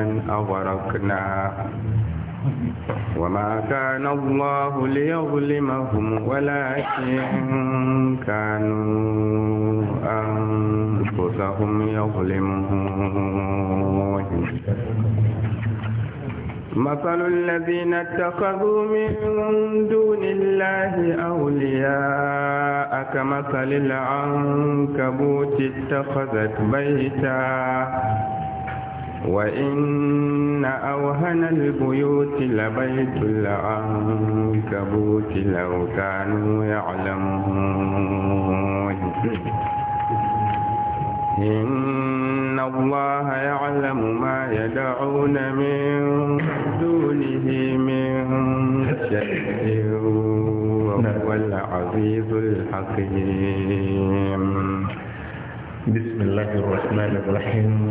ومن أغرقنا وما كان الله ليظلمهم ولكن كانوا أنفسهم يظلمون مثل الذين اتخذوا من دون الله أولياء كمثل العنكبوت اتخذت بيتا وإن أوهن البيوت لبيت العنكبوت لو كانوا يعلمون إن الله يعلم ما يدعون من دونه من شيء وهو نعم. العزيز الحكيم بسم الله الرحمن الرحيم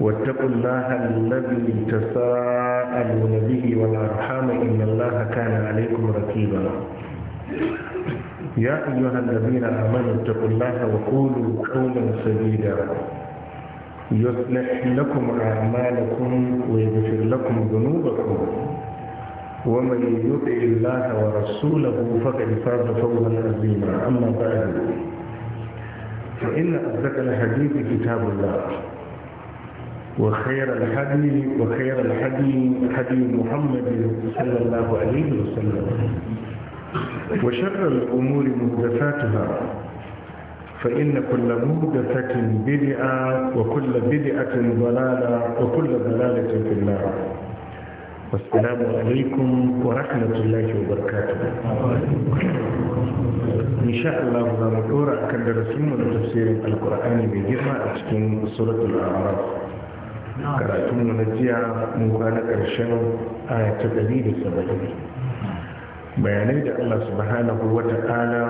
واتقوا الله الذي تساءلون به والارحام ان الله كان عليكم رقيبا يا ايها الذين امنوا اتقوا الله وقولوا قولا سديدا يصلح لكم اعمالكم ويغفر لكم ذنوبكم ومن يطع الله ورسوله فقد فاز فوزا عظيما اما بعد فان اصدق الحديث كتاب الله وخير الهدي وخير الهدي هدي محمد صلى الله عليه وسلم وشر الأمور مهدفاتها فإن كل مهدفة بدعة وكل بدعة ضلالة وكل ضلالة في النار والسلام عليكم ورحمة الله وبركاته إن شاء الله ذا مدورة كان درسنا تفسير القرآن بجمع سورة الأعراف karatunmu na jiya mun na ƙarshen aya ta ɗari da saba'in bayanai da allah subhanahu wa ta'ala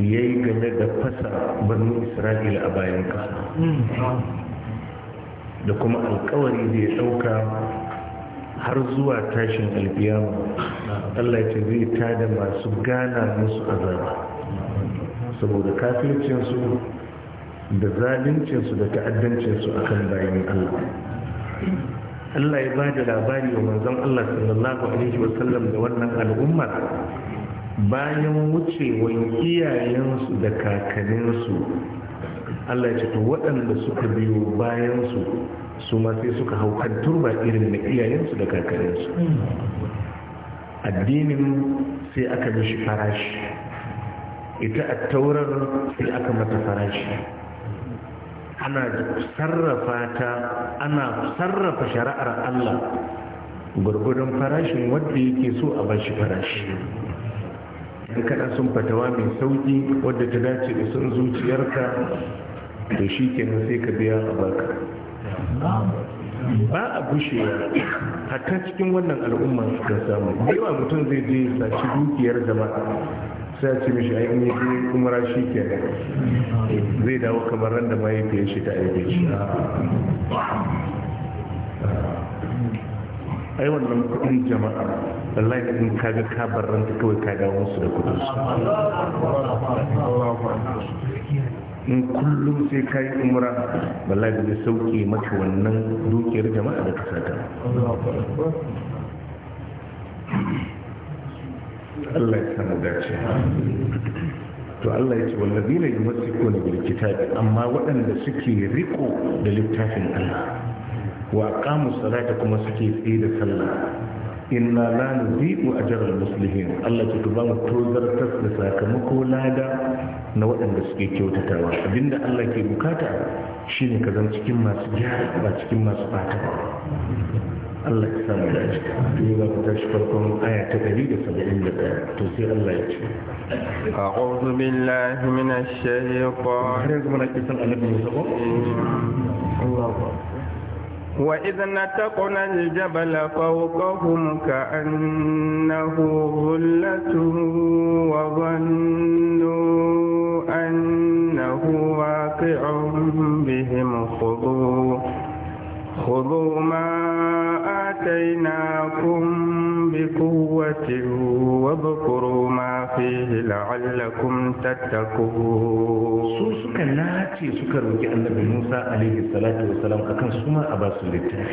ya yi game da fasa banu isra'ila a bayan ƙasa da kuma alkawari da ya ɗauka har zuwa tashin albiyama allah ce zai tada masu gana musu azaba saboda kafircinsu da zaluncinsu da ta'addancinsu a kan bayan Allah Allah ya ba da labari wa manzon Allah sallallahu alaihi da wannan al'ummar bayan wucewan iyayensu da kakanninsu Allah ya ce to waɗanda suka biyo bayansu su ma sai suka hau kan turba irin na iyayensu da kakanninsu addinin sai aka mishi farashi ita a taurar sai aka mata farashi ana sarrafa ta ana sarrafa shari'ar Allah gurgurun farashin wadda yake so a bashi farashi kada sun fatawa mai sauki wadda ta dace da sun zuciyarka to shi kenan sai ka biya a baka ba a gushe hatta cikin wannan al'umma suka samu yawa mutum zai je saci dukiyar jama'a sai ce mishi ai in yi umra shi ke da zai dawo kamar ran da mai fiye shi ta aiki shi ai wannan kudin jama'a wallahi in kaga ka bar ranta kawai ka dawo musu da kudin su in kullum sai ka yi umra wallahi zai sauke maka wannan dukiyar jama'a da ka sata Allah ya samu dace to Allah ya ce wallazina yumassikuna bil kitabi amma waɗanda suke riko da littafin Allah wa aqamu salata kuma suke tsaye da sallah inna la nuzi'u ajral muslimin Allah ya tuba mu tozartar da sakamako lada na waɗanda suke kyautatawa abinda Allah ke bukata shine ka zama cikin masu gyara ba cikin masu bata الله يكفر بالأجر لذلك أشكركم آية تدريد فبعلك توفيق الله يكفر أعوذ بالله من الشيطان الله وإذ نتقنا الجبل فوقهم كأنه غلة وظنوا أنه واقع بهم خضوع خذوا ما آتيناكم بقوة واذكروا ما فيه لعلكم تتقون سوسك ناتي سكر وجه النبي موسى عليه الصلاة والسلام أكن سما أبا سلطان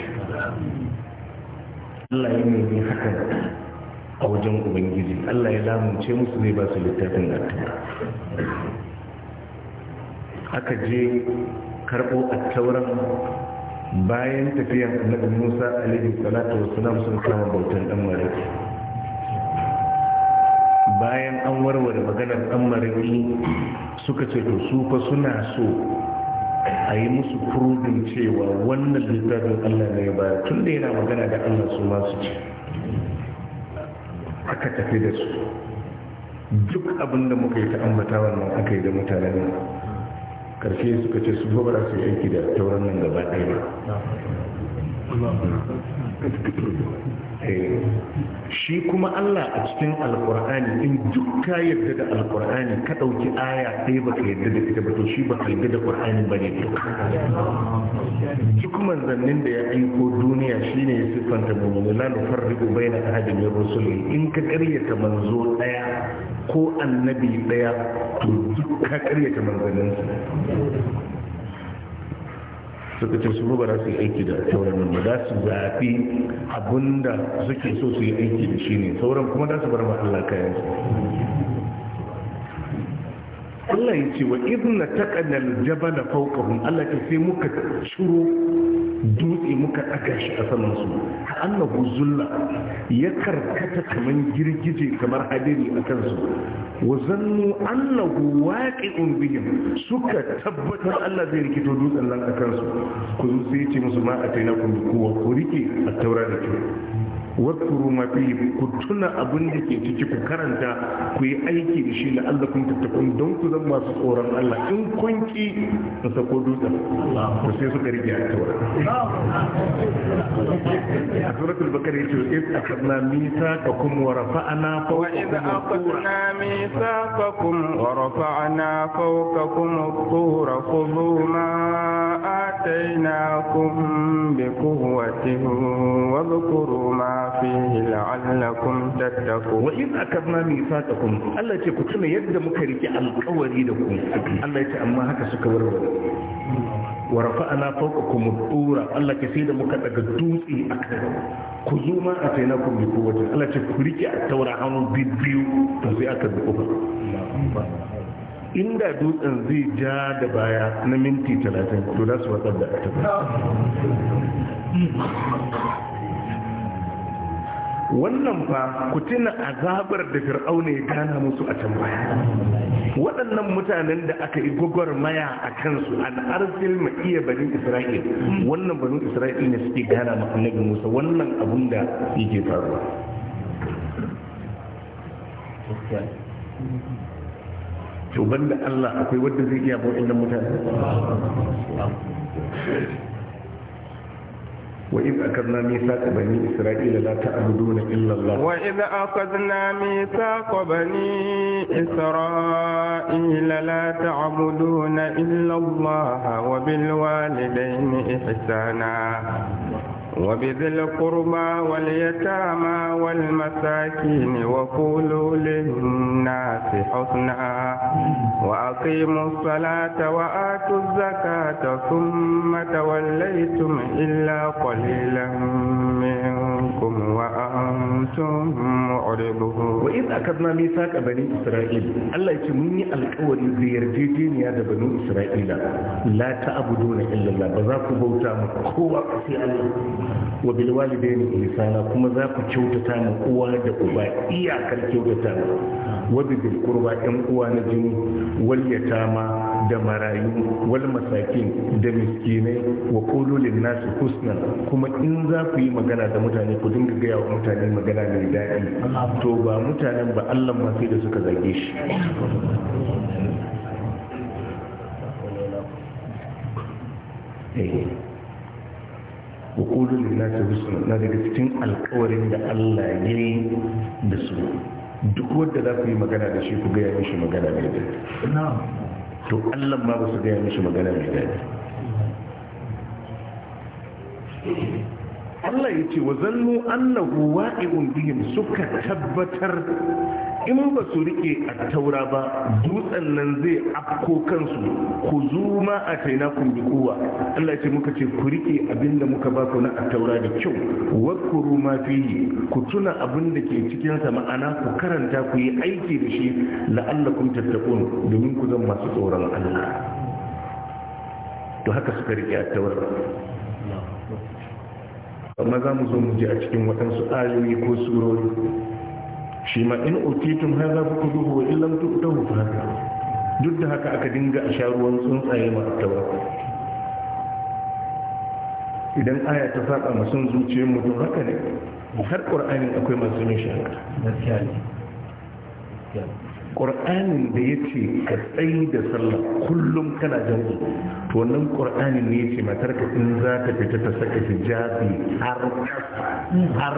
الله يمني حكم a wajen ubangiji allah ya lamunce musu zai ba su littafin attaura aka je karɓo attauran bayan tafiyan annabi musa alaihi salatu wassalam sun kama bautan dan mariki bayan an warware maganar dan mariki suka ce to su fa suna so a yi musu furudin cewa wannan littafin allah ne ya bayar tun da yana magana da allah su masu ce aka tafi da su duk abinda da muka yi ta ambata wannan aka yi da mutanen karshe suka ce su ba su yi aiki da tauran nan gaba ɗaya ba eh, shi kuma Allah a cikin alkur'ani in duk ka yarda da alkur'ani ka ɗauki aya ɗaya ba ka yarda da ita ba to shi ba ka da ƙur'ani ba ne duk zannin da ya aiko duniya shine ya siffanta mu'minu la nufarriqu baina ahadin min in ka ƙaryata manzo ɗaya ko annabi daya to duk ka karyata manzanninsa suka ce su ba su aiki da sauran nan ba su zafi abinda suke so su yi aiki da shi ne sauran kuma za su bar ma Allah kayan su Allah ya ce wa idna taqana al-jabala fawqahum Allah ya ce muka shuru dutse muka ɗaga shi a saman su annahu zulla ya karkata kamar girgije kamar hadiri a kansu wa zannu annahu waqi'un bihim suka tabbatar Allah zai rikito dutsen nan a kansu ku zo sai ce musu ma atainakum bi quwwa ku rike a taura da kyau wadkuru ma fi ku tuna abin da ke ciki ku karanta ku yi aiki da shi la'allakum tattakun don ku zama masu tsoron Allah in kun ki ta sako dutsen to sai suka rige a taura a suratul bakar yace iz akhadna mithaqakum wa rafa'na mithaqakum wa rafa'na fawqakum الطور خذوا bi آتيناكم بقوة واذكروا ما فيه لعلكم تتقون وإذ أخذنا ميثاقكم الله يتي كتنا يد مكرك القوري لكم الله يتي أما هكا سكبر ورفعنا فوقكم الطور الله كسيد مكتك دوسي أكثر كزوما أتيناكم بقوة الله يتي كريك التورا عنو بيبيو تنسي أكد بقوة inda dutsen zai ja da baya na minti talatin to da su watsar da ta wannan fa ku tuna azabar da fir'auna ya gana musu a can baya waɗannan mutanen da aka yi gwagwarmaya a kansu an arsil ma iya banin isra'il wannan banin isra'il ne suke gana ma annabi musa wannan abun da yake faruwa to banda allah akwai wanda zai iya ba mutane وإذ أخذنا ميثاق بني إسرائيل لا تعبدون إلا الله وإذ أخذنا ميثاق بني إسرائيل لا تعبدون إلا الله وبالوالدين إحسانا وبذي القربى واليتامى والمساكين وقولوا للناس حسنا وأقيموا الصلاة وآتوا الزكاة ثم توليتم إلا قليلا منكم عنكم وأنتم معرضون وإذ أخذنا ميثاق بني إسرائيل الله يتمني القول زيرجين يا بني إسرائيل لا تعبدون إلا الله بذاك بوتا مكوة في الله وبالوالدين إنسانا كما ذاك كيوتتا مقوى دقوى إياك الكيوتتا وبذل قربى إن قوى نجم واليتامى دمرايو والمساكين دمسكيني وقولوا للناس حسنا كما إن ذاك magana da mutane dinga gaya wa mutane magana mai daɗi to ba mutanen ba allah masu da suka zage shi وقولوا للناس حسنا na daga cikin alkawarin da Allah ya yi da su duk wadda za ku yi magana da shi ku gaya mishi magana mai daɗi to Allah ma ba su gaya mishi magana mai daɗi Allah ya ce wa zannu annahu wa'i'un bihim suka tabbatar in ba su rike a taura ba dutsen nan zai afko kansu ku zuma a taina kun bi kowa Allah ce muka ce ku rike abinda muka ba ku na a taura da kyau wakuru ma fihi ku tuna abin da ke cikin sa ma'ana ku karanta ku yi aiki da shi la'allakum tattaqun domin ku zama masu tsoron Allah to haka suka rike a taura amma za mu zo mu ji a cikin waɗansu ayoyi ko surori shi ma in otitun har za ku duhu wa illam ta hutu haka duk da haka aka dinga a sha ruwan tsuntsaye masu tawa idan aya ta faɗa masu zuciyar mutum haka ne har qur'anin akwai masu yin shi haka ƙur'anin da ya ce ka tsayi da sallah kullum kana jan'u to wannan ƙur'anin ne ya ce matar ka in za ta fita ta saka hijabi har har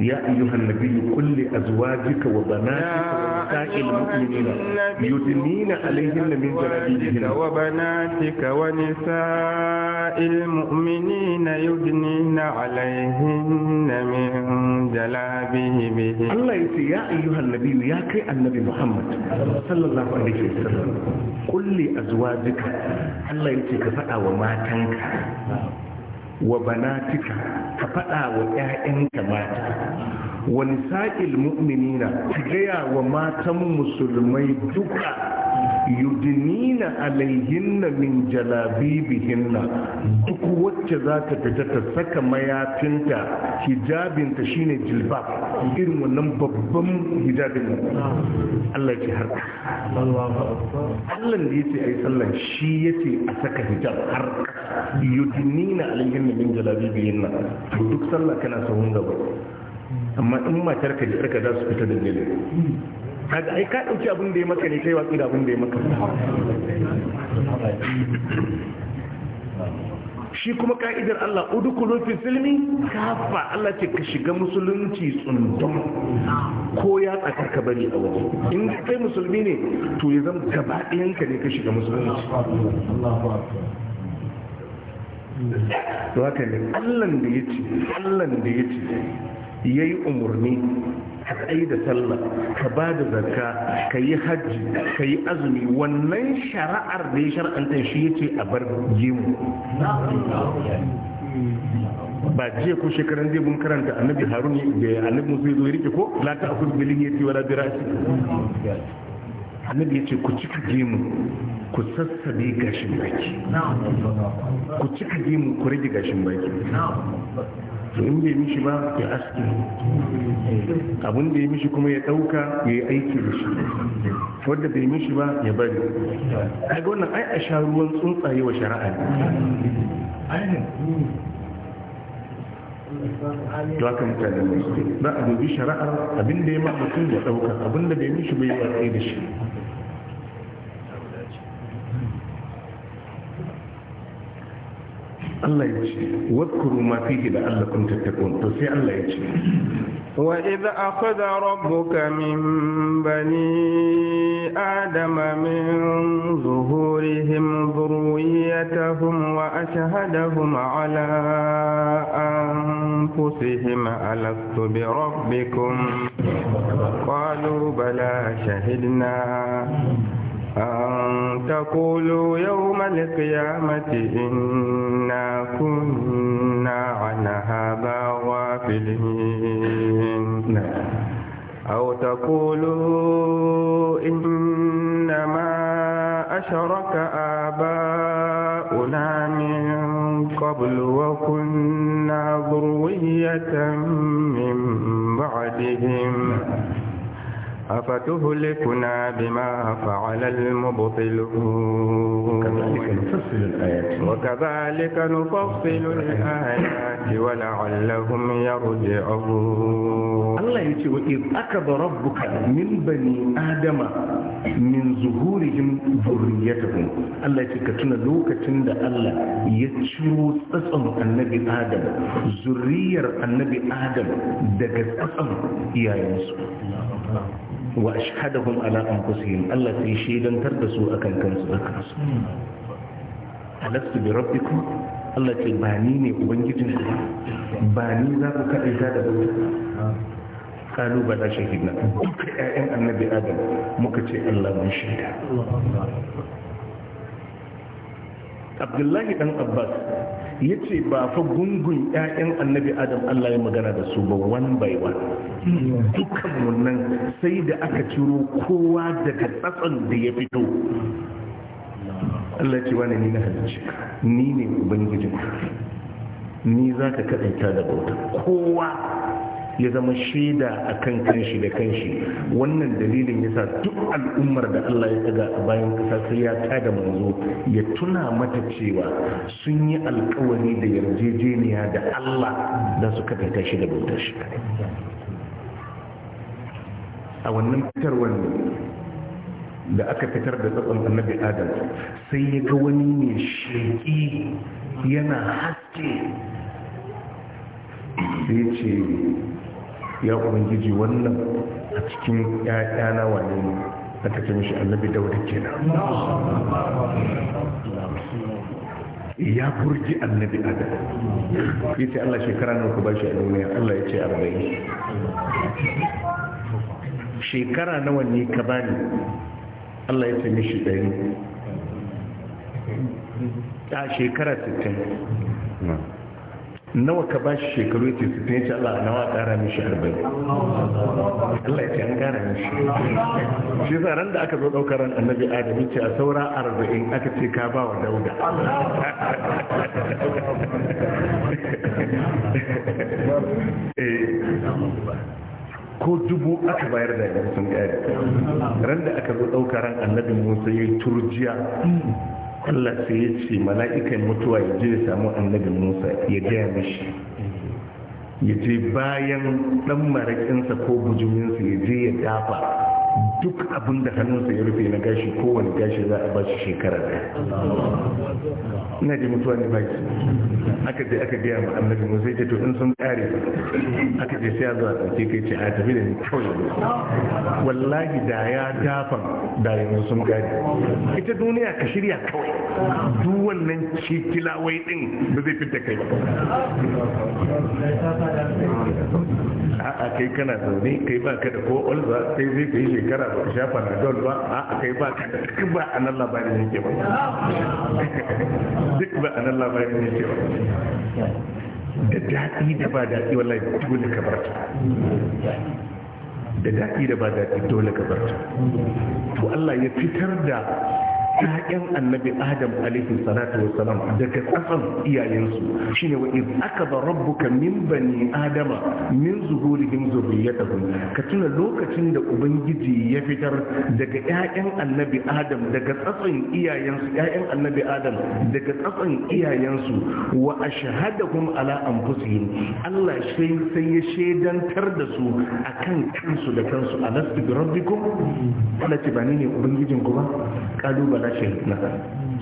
يا أيها النبي قل لأزواجك وبناتك ونساء المؤمنين يدنين عليهن من جلابيبهن وبناتك ونساء المؤمنين يدنين عليهن من جلابيبهن الله يقول يا أيها النبي يا كي النبي محمد صلى الله عليه وسلم قل لأزواجك الله يقول كفأ وما تنكر wa banatika ka faɗa wa 'ya'yanka mata wani sa'il mu'minina ki gaya wa matan musulmai duka yudinina alayhinna min jalabibihinna duk wacce za ta fita ta saka mayafinta hijabinta shine jilbab irin wannan babban hijabin Allah ya harka Allah da yace ai sallan shi yace a saka hijab har yudinina alayhinna min jalabibihinna to duk sallah kana sahun gaba amma in matar ka ji ka za su fita da gele kaga ai ka dauki abin da ya maka ne kai watsi da abin da ya maka shi kuma ka'idar Allah udkhulu fi silmi kafa Allah ce ka shiga musulunci tsundum ko ya tsaka ka bari a waje in kai musulmi ne to ya zama gaba ɗayanka ne ka shiga musulunci Allah ne Allah da ya ce Allah da ya ce yayi umurni ka tsaye da sallah ka ba da zakka ka yi hajji ka yi azumi wannan shara'ar da ya shara'anta shi ya ce a bar gemu ba jiya ko shekaran zai mun karanta annabi harun da annabi musu ya zo ya rike ko lati ta akwai bilin ya ce rabira shi annabi ya ce ku cika gemu ku sassabe gashin baki ku cika gemu ku rage gashin baki to in bai mishi ba ya aski abin da ya mishi kuma ya dauka ya yi aiki da shi wadda bai mishi ba ya bari ai wannan ai a sha ruwan tsuntsaye wa shari'a ne to aka mutane ne za a dubi shari'ar abin da ya ma mutum ya dauka abin da bai mishi bai aiki da shi Allah ya ce wadkuru ma fihi da Allah kun tattakun to sai Allah ya ce wa idh akhadha rabbuka min bani adama min zuhurihim dhurriyyatahum wa ashhadahum ala anfusihim alastu bi rabbikum bala shahidna أن تقولوا يوم القيامة إنا كنا عن هذا غافلين أو تقولوا إنما أشرك آباؤنا من قبل وكنا ذرية من بعدهم أفتهلكنا بما فعل المبطلون وكذلك نفصل الآيات ولعلهم يرجعون الله يتي وإذ أكد ربك من بني آدم من ظهورهم ذريتهم الله يتي كتنا لو دا الله يتشو تسأل النبي آدم زرير النبي آدم دقت أسأل يا يوسف wa ashhadahum ala anfusihim Allah sai shaidantar da su akan kansu akan su alastu bi rabbikum Allah ce ba ni ne ubangijin ku ba ni za ku kaɗai ta da bauta kalu ba za shahidna duka ƴaƴan annabi adam muka ce Allah mun shaida abdullahi dan abbas ya ce ba fa gungun 'ya'yan annabi adam allah ya magana da su ba one by one dukkan wannan sai da aka ciro kowa daga tsatson da ya fito allah ce wani ni na halicci ni ne ubangijin ni za ka kaɗaita da bauta kowa ya zama shaida a kan kanshi da kanshi wannan dalilin yasa duk al'ummar da Allah ya tsaga bayan kasa sai ya tada manzo ya tuna mata cewa sun yi alkawari da yarjejeniya da Allah za su kafa shi da bautar shi a wannan wani da aka fitar da tsatson annabi adam sai ya ga wani mai shaƙi yana haske sai ce ya ubangiji wannan a cikin ƴaƴana wane ne aka ce mishi annabi dauda kenan ya furji annabi adam ya ce Allah shekara nan ku bashi a duniya Allah ya ce arba'in shekara nawa ne ka bani Allah ya ce mishi ɗari a shekara sittin nawa ka ba shi shekaru ya ce su tun yace Allah nawa kara mishi arba'in Allah ya ce an kara mishi shi sa ran da aka zo ɗaukar ran annabi adam ce a saura arba'in aka ce ka ba wa dauda eh, ko dubu aka bayar da yanzu sun ran da aka zo ɗaukar ran annabi musa ya yi turjiya Allah sai ya ce mala'ikan mutuwa ya je ya samu annabi Musa ya gaya mishi ya je bayan dan marakinsa ko bujuminsa ya je ya dafa duk abin da hannunsa ya rufe na gashi kowane gashi za a ba shi shekara ɗaya ina ji mutuwa ne baki aka je aka gaya ma annabi mu sai to in sun kare aka je sai zo a ɗauke kai ce a tafi da ni kawai wallahi da ya dafan da ya sun kare ita duniya ka shirya kawai duk wannan wai din ba zai fita kai ba a'a kai kana zaune kai ba ka da ko olza sai zai kai shekara ba ka shafa na dole, ba a'a kai ba ka da duk ba a nan labarin yake ba duk ba a nan labarin yake ba da daɗi da ba daɗi wallahi dole ka bar ta da daɗi da ba daɗi dole ka bar ta to Allah ya fitar da ƴaƴan annabi adam alaihi salatu wassalam daga kasan iyayensu shine wa iz akaba rabbuka min bani adama min zuhurihim zurriyatahum ka tuna lokacin da ubangiji ya fitar daga ƴaƴan annabi adam daga tsatsan iyayensu ƴaƴan annabi adam daga tsatsan iyayensu wa ashhadahum ala anfusihim Allah sai sai ya shedantar da su akan kansu da kansu alastu bi rabbikum Allah ce ba ni ne ubangijinku ba kalubala sashin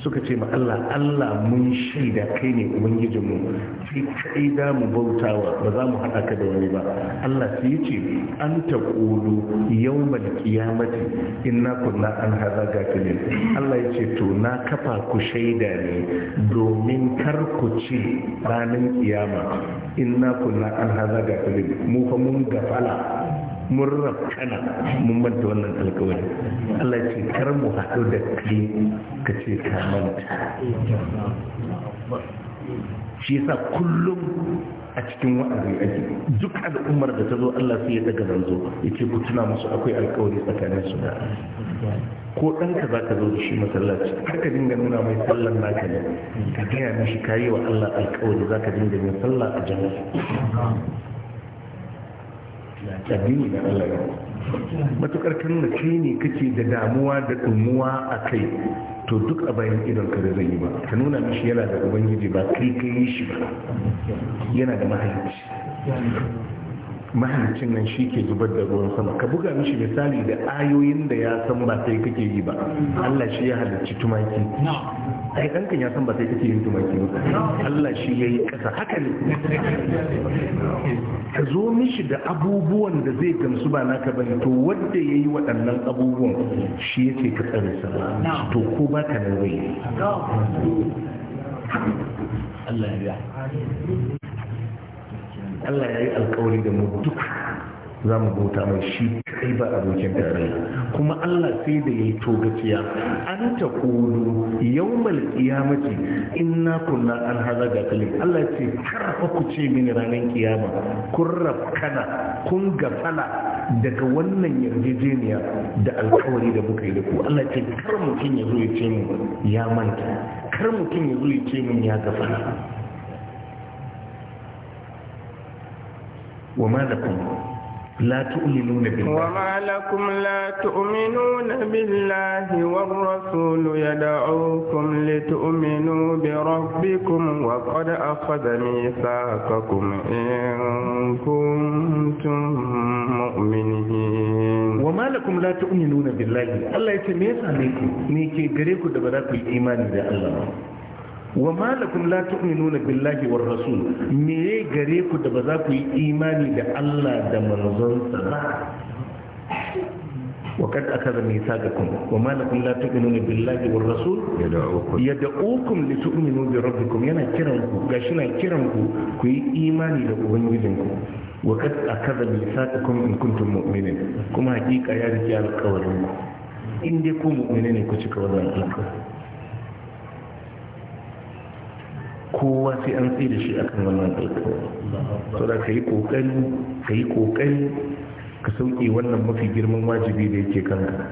suka ce ma Allah Allah mun shaida kai ne ubangijinmu sai kai da mu bautawa ba za mu hada ka da wani ba Allah sai ya ce an ta ƙulu yawmal qiyamati inna kunna an hadha gafilin Allah ya ce to na kafa ku shaida ne domin kar ku ci ranar kiyama inna kunna an hadha gafilin mu fa mun gafala mun rafkana mun manta wannan alkawari Allah ce kar mu haɗu da kai ka ce ka manta shi yasa kullum a cikin wa'azi ake duk al'ummar da ta zo Allah sai ya daga zanzo ya ce ku tuna musu akwai alkawari tsakanin su da ko ɗanka za ka zo da shi masallaci har ka dinga nuna mai sallar naka ne ka gaya mishi kayi wa Allah alkawari za ka dinga mai sallah a jami'a addini na Allah yawa matukar kan kai ne kake da damuwa da dumuwa a kai to duk a bayan idon ka da zai yi ba ka nuna mishi yana da ubangiji ba kai kai yi shi ba yana da mahalicci mahalicin nan shi ke zubar da ruwan sama ka buga mishi misali da ayoyin da ya san ba sai kake yi ba Allah shi ya halicci tumaki ai ɗankan ya san ba sai kake yin tumaki ba Allah shi ya yi ƙasa haka ne ka zo mishi da abubuwan da zai gamsu ba naka bane to wanda ya yi waɗannan abubuwan shi yake ka tsare sa to ko ba ka nan wai Allah ya Allah ya yi alkawari za mu bauta mai shi kai ba abokin tarayya kuma Allah sai da yayi to gaciya an ta yau yawmal In na kunna an ga gafilin Allah ce kar ku ce mini ranar kiyama kun rafkana kun gafala daga wannan yarjejeniya da alkawari da muka yi da ku Allah ce kar mutum ya zo ya ce mu ya manta kar mutum ya zo ya ce mu ya gafala wa ma kuma لا تؤمنون بالله وما لكم لا تؤمنون بالله والرسول يدعوكم لتؤمنوا بربكم وقد أخذ ميثاقكم إن كنتم مؤمنين وما لكم لا تؤمنون بالله الله يتميز عليكم نيكي غريكو دبراكو الإيمان بالله wa malakum la tu'minuna billahi war rasul me gare ku da ba za ku yi imani da Allah da manzonsa ba وقد أخذ ميثاقكم وما لكم لا تؤمنون بالله والرسول يدعوكم يدعوكم لتؤمنوا بربكم ينا كرمكم غاشنا كرمكم كي إيماني لأبنجدكم وقد أخذ ميثاقكم إن كنتم مؤمنين كما حقيقة يا رجال قولكم إن دكم مؤمنين كتك وضعكم kowa sai an tsaye da shi akan wannan alkawar so da ka yi kokari ka yi kokari ka sauke wannan mafi girman wajibi da yake kanka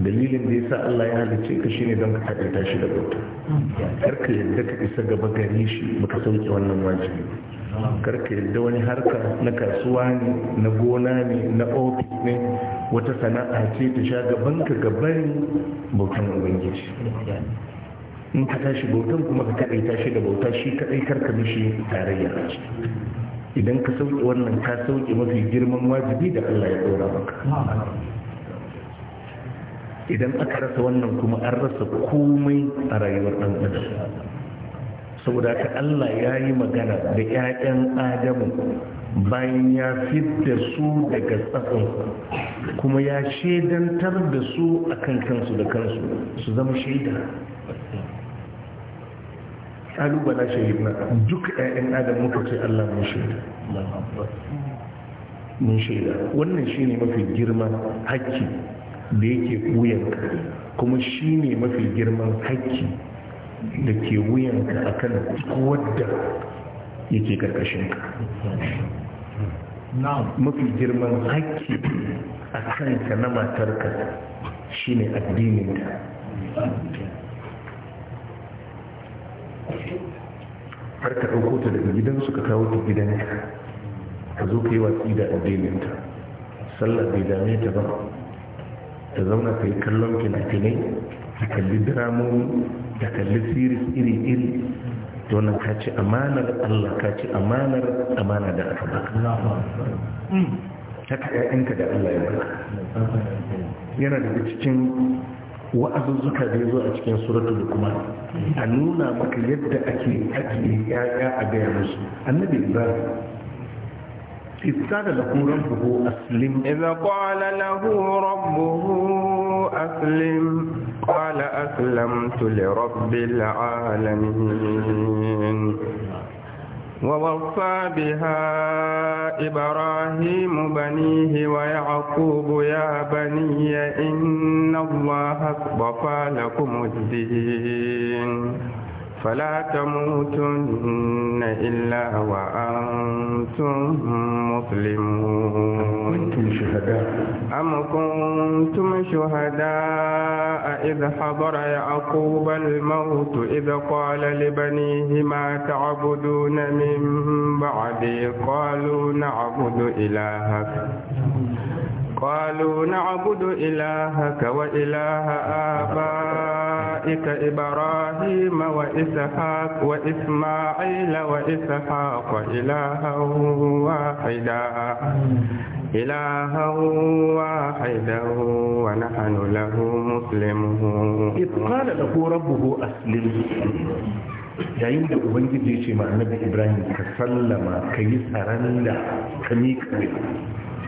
dalilin da ya sa Allah ya halice ka shine don ka takaita shi da bauta kar ka yadda ka isa gaba gare shi baka sauke wannan wajibi kar ka yadda wani harka na kasuwa ne na gona ne na ofis ne wata sana'a ce ta sha gaban ka gaban bautan ubangiji in ka tashi bautan kuma ka kaɗaita shi da bauta shi kaɗai karka mishi tarayya a ciki idan ka sauke wannan ka sauke mafi girman wajibi da Allah ya ɗora maka idan aka rasa wannan kuma an rasa komai a rayuwar ɗan adam saboda ka Allah ya yi magana da 'ya'yan adamu bayan ya fidda su daga tsafin kuma ya shaidantar da su a kan kansu da kansu su zama shaida kalubala shahidna duk 'ya'yan adam muka ce Allah mun shaida mun shaida wannan shine mafi girman hakki da yake wuyan ka, kuma shine mafi girman hakki da ke wuyan wuyanka akan wadda yake na mafi girman hakki a ka na matarka shine addininta har ka ɗauko ta daga gidansu ka kawo ta gidanka ka zo ka yi watsi da addininta sallah bai dame ta ba ta zauna ka yi kallon fina ka ta kalli dramomi ta kalli siris iri-iri ta wannan ka ci amanar allah ka ci amanar amana da aka ba. ta ka 'ya'yanka da allah ya baka yana daga cikin wa'azuzzuka da ya zo a cikin suratul lukman a nuna maka yadda ake ajiye yaya a gaya musu annabi ibrahim إذ قال له ربه أسلم إذا قال له ربه أسلم قال أسلمت لرب العالمين ووصى بها إبراهيم بنيه ويعقوب يا بني إن الله اصطفى لكم الدين فلا تموتن إلا وأنتم مسلمون أم كنتم شهداء إذ حضر يعقوب الموت إذ قال لبنيه ما تعبدون من بعدي قالوا نعبد إلهك قالوا نعبد إلهك وإله آبائك إبراهيم وإسحاق وإسماعيل وإسحاق إلها واحدا إلها واحدا ونحن له مسلمون إذ قال له ربه أسلم yayin da ubangiji ya ce ma annabi ibrahim ka sallama ka yi tsaron da ka miƙa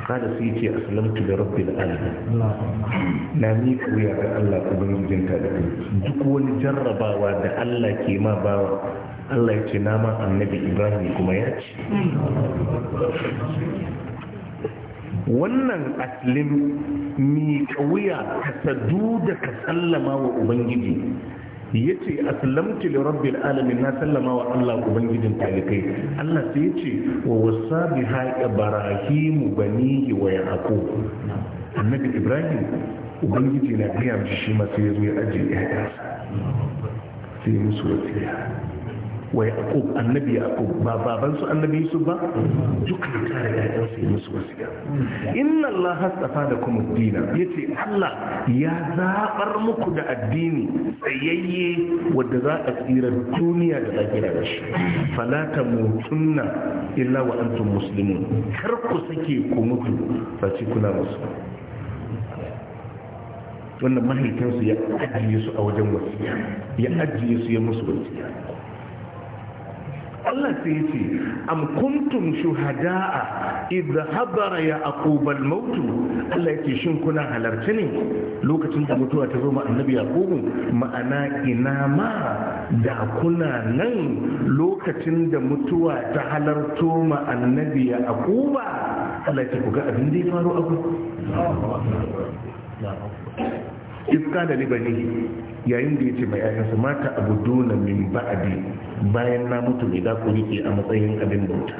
kada su yi ce aslamtu da rabbil na mi wuya ga Allah ubangijin ta da duk wani jarrabawa da Allah ke ma bawa Allah ya ce na ma annabi Ibrahim kuma ya ce wannan aslim mi wuya ka sadu da ka tsallama wa ubangiji yace aslamtu li rabbil alamin na sallama wa Allah ubangijin talikai Allah sai yace wa wasa biha ibrahim banihi wa yaqub annabi ibrahim ubangiji na gaya mishi shi ma sai ya zo ya ajiye ya'yansa sai musu wasiya wa yaqub annabi yaqub ba baban su annabi su ba duka ya tare da ƴaƴan su musu wasiya inna allaha astafa lakum ad-din yace allah ya zabar muku da addini tsayayye wanda za a tsira duniya da lahira da shi fala tamutunna illa wa antum muslimun kar ku sake ku mutu face kuna musulmi wannan mahaifinsu ya ajiye su a wajen wasiya ya ajiye su ya musu wasiya Allah sai ya ce am kuntum shuhada'a idza habara ya aqubal maut Allah yake shin kuna halarci ne lokacin da mutuwa ta zo ma annabi yaqubu ma'ana ina ma da kuna nan lokacin da mutuwa ta halarto ma annabi yaquba Allah yake ku ga abin da ya faru a Akbar iska da libani yayin da ya ce mai ayyansa mata abu dona min ba'adi bayan na mutu mai da ku rike a matsayin abin bauta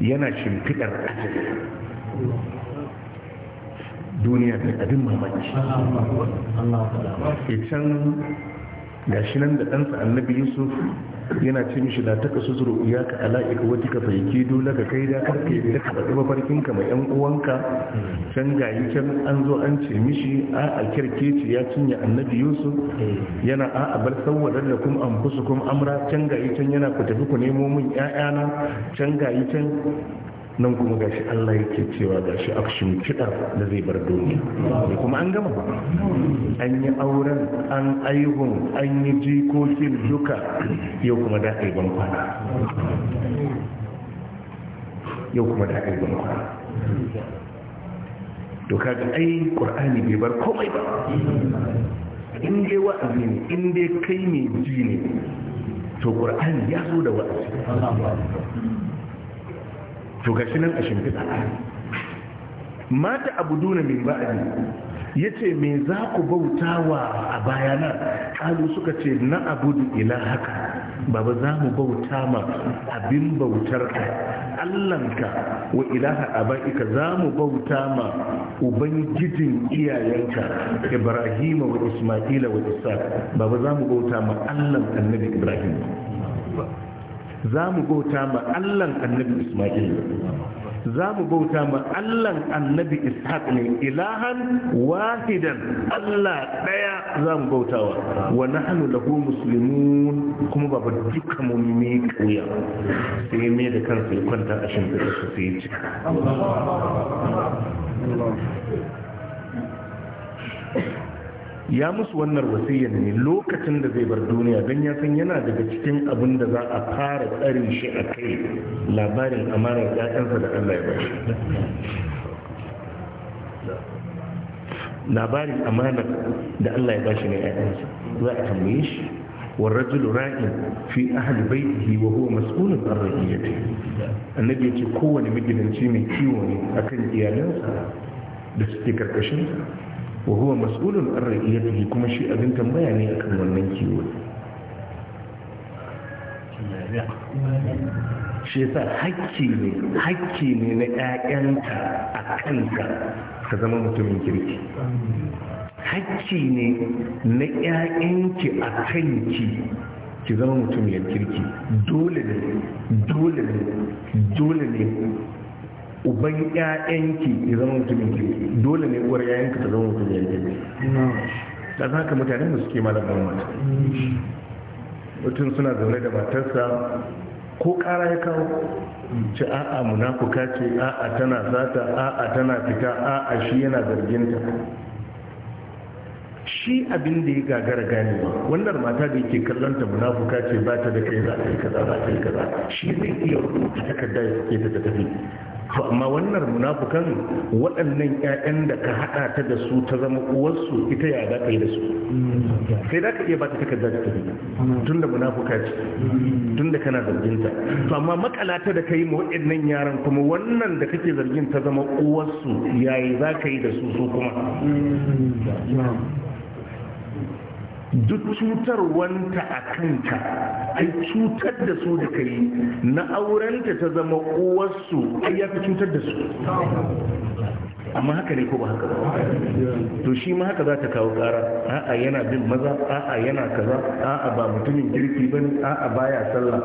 yana shimfiɗar duniya da abin mamaki ya can gashi nan da ɗansa annabi yusuf yana ce mishi la taka su zuru ya ka alaika wata ka ke dole ka kai da karfe da ka faɗi mafarkin ka mai yan uwanka can gayi can an zo an ce mishi a a ce ya cinye annabi yusuf yana a a bar sauwadar da kuma an fusu kuma amra can gayi can yana ku tafi ku nemo min yayana can gayi can nan kuma gashi Allah yake cewa gashi akshin kida da zai bar duniya kuma an gama ba an yi auren an aihun an yi jikokin duka yau kuma da ban kwana yau kuma da ban kwana to ga ai qur'ani bai bar komai ba in dai wa'azi ne in dai kai ne ji ne to qur'ani ya zo da wa'azi to nan a shimfiɗa mata abu duna min ba'adi ya ce me za ku bauta wa a bayana ƙalu suka ce na abu ila haka baba za mu bauta ma abin ka allanka wa ilaha aba'ika za mu bauta ma ubangijin iyayenka ibrahima wa isma'ila wa isa baba za mu bauta ma allan annabi ibrahim za mu bauta ma allan annabi isma'il za mu bauta ma allan annabi ishaq ne ilahan wahidan allah ɗaya. za mu bautawa wa hannu lahu musulmin kuma ba duka mu me kuya sai me da kansa ya kwanta a shimfiɗa su sai ya cika ya musu wannan wasiyya ne lokacin da zai bar duniya don ya san yana daga cikin abin da za a fara tsarin shi a kai labarin amanar 'ya'yansa da Allah ya bashi labarin amanar da Allah ya bashi ne 'ya'yansa za a tambaye shi والرجل راع في أهل بيته وهو مسؤول عن رعيته النبي يقول كون mai kiwo من كيوني أكن إيالانسا da suke karkashin wa huwa mas'ulun an ra'iyatihi kuma shi abin tambaya ne akan wannan kiwo shi yasa hakki ne hakki ne na ƴaƴanka a kanka ka zama mutumin kirki hakki ne na ƴaƴanki a kanki ki zama mutumin kirki dole ne dole ne dole ne uban 'ya'yanki ya zama mutumin kirki dole ne uwar ƴaƴanka ta zama mutumin kirki da za ka mutane da suke malaman mata mutum suna zaune da matarsa ko ƙara ya kawo ci a'a munafuka ce a'a tana zata a'a tana fita a'a shi yana zarginta shi abin da ya gagara ganewa wannan mata da yake kallon ta munafuka ce ba ta da kai za ta yi kaza za ta yi kaza shi zai iya rubuta takardar ya suke ta tafi to amma wannan munafukan waɗannan ƴaƴan da ka haɗa ta da su ta zama uwarsu ita ya za ka yi da su sai za ka iya ba ta takarda ta tun da munafuka ce tun da kana zarginta to amma ta da ka yi ma waɗannan yaran kuma wannan da kake zargin ta zama uwarsu yayi za ka yi da su su kuma duk cutarwanta a kanta, ai cutar da su da kai na aurenta ta zama uwarsu ai ya fi cutar da su amma haka ne ko ba haka to shi ma haka za ta kawo kara a'a yana bin maza a'a yana kaza a'a ba mutumin girki bane a'a baya sallah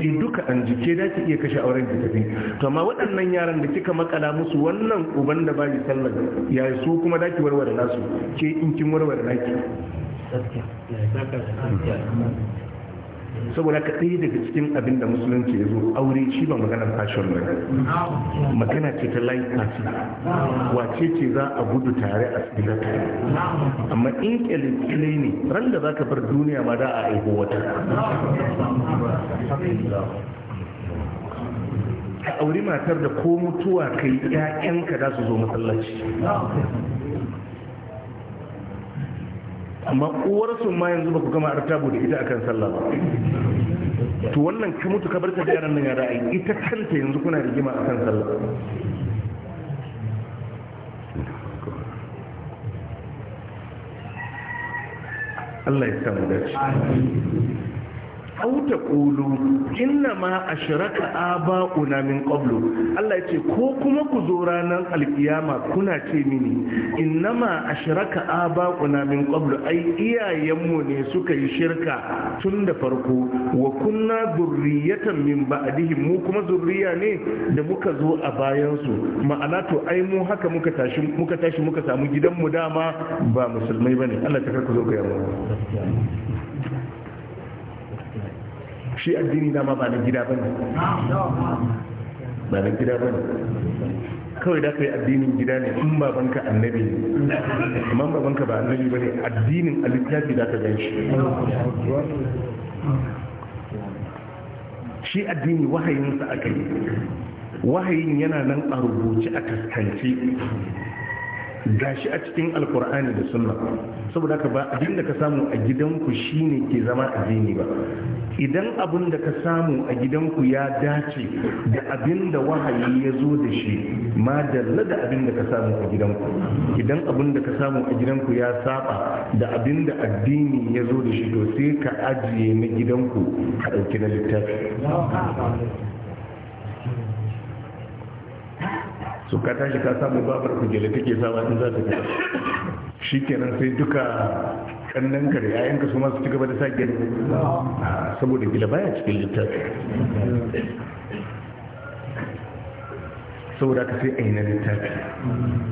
in eh, duka an jike da ki iya kashe auren da tafi to amma waɗannan yaran da kika makala musu wannan uban da shi sallah ya su kuma da ki warware nasu ke in kin warware naki saboda ka ɗaya daga cikin abin da musulunci ya zo aure shi ba maganar fashion ba magana ce ta life party wace ce za a gudu tare a tsira amma in kyalikile ne ran da za ka bar duniya ma da a aiko wata ka auri matar da ko mutuwa kai 'ya'yanka za su zo masallaci amma uwarsu ma yanzu ba ku gama a da ita akan sallah ba to wannan ka mutu ka bar ta da yaran nan ra'ayi, ita kanta yanzu kuna rigima akan sallah Allah ya samu dace au ta ƙulu inna ma a shiraka aba'una min qablu Allah yace ce ko kuma ku zo ranar alkiyama kuna ce mini inna ma a shiraka aba'una min qablu ai iyayenmu ne suka yi shirka tun da farko wa kunna zurriyatan min ba'dihim mu kuma zurriya ne da muka zo a bayansu ma'ana to ai mu haka muka tashi muka tashi muka samu gidanmu dama ba musulmai bane Allah ta karku zo ga yawa shi addini dama ba na gida ba ne ba na gida ba ne kawai da ka yi addinin gida ne in babanka annabi ne amma babanka ba annabi ba ne addinin a littafi za ka gan shi shi addini wahayinsa aka yi wahayin yana nan a rubuce a kaskance gashi a cikin alkur'ani da sunna saboda haka ba abin da ka samu a gidanku shine ke zama addini ba idan abin da ka samu a gidanku ya dace da abin da wahayi ya zo da shi ma dalla da abin da ka samu a gidanku idan abin da ka samu a gidanku ya saba da abin da addini ya zo da shi to sai ka ajiye na gidanku a ɗauki na littafi su ka tashi ka samu babar kujele take sawa in za ta fita shi kenan sai duka kannan kare yayan ka su masu ci gaba da sa ne saboda gila baya cikin littafi saboda ka sai ainihin littafi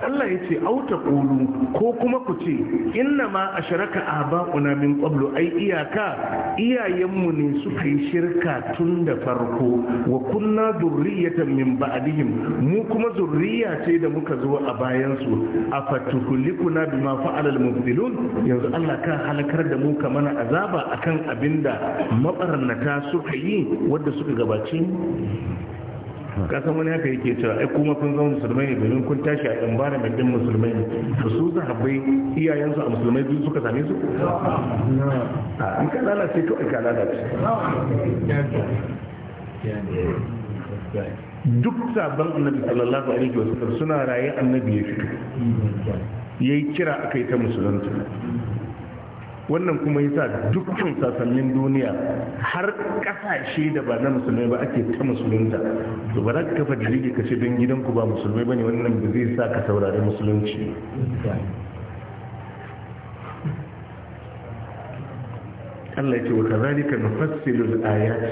Allah ya ce auta ƙulu ko kuma ku ce inna ma a sharaka a ba'una min ƙwablo ai iyaka iyayenmu ne suka yi shirka tun da farko wa kunna zurriyata min ba'dihim mu kuma zurriya ce da muka zo a bayansu a fatuhulikuna bima fa'ala al-mubtilun yanzu Allah ka halakar da mu ka mana azaba akan abinda mabarnata suka yi wadda suka gabace kasan wani haka yake cewa ai kuma kun zama musulmai ne domin kun tashi a mai din musulmai ne to su sahabbai iyayensu a musulmai duk suka same su in ka lalace to ai ka lalace duk sabon annabi sallallahu alaihi wasallam suna raye annabi ya fito yayi kira akai ta musulunci wannan kuma yasa dukkan sassanin duniya har kasashe da ba na musulmai ba ake ta musulunta to ba za ka kafa dalili ka ce don gidanku ba musulmai bane wannan ba zai sa ka saurari musulunci Allah ce wa kazalika al ayat